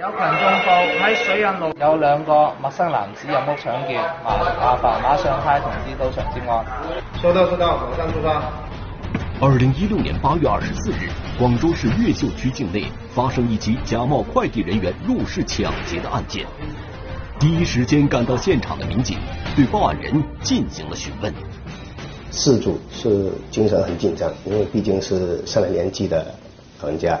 有群眾報，喺水蔭路有兩個陌生男子入屋搶劫，麻麻煩馬上派同志到場接案。收到收到，馬上出發。二零一六年八月二十四日，廣州市越秀區境內發生一起假冒快遞人員入室搶劫的案件。第一時間趕到現場的民警對報案人進行了詢問。事主是精神很緊張，因為畢竟是上了年紀的老人家。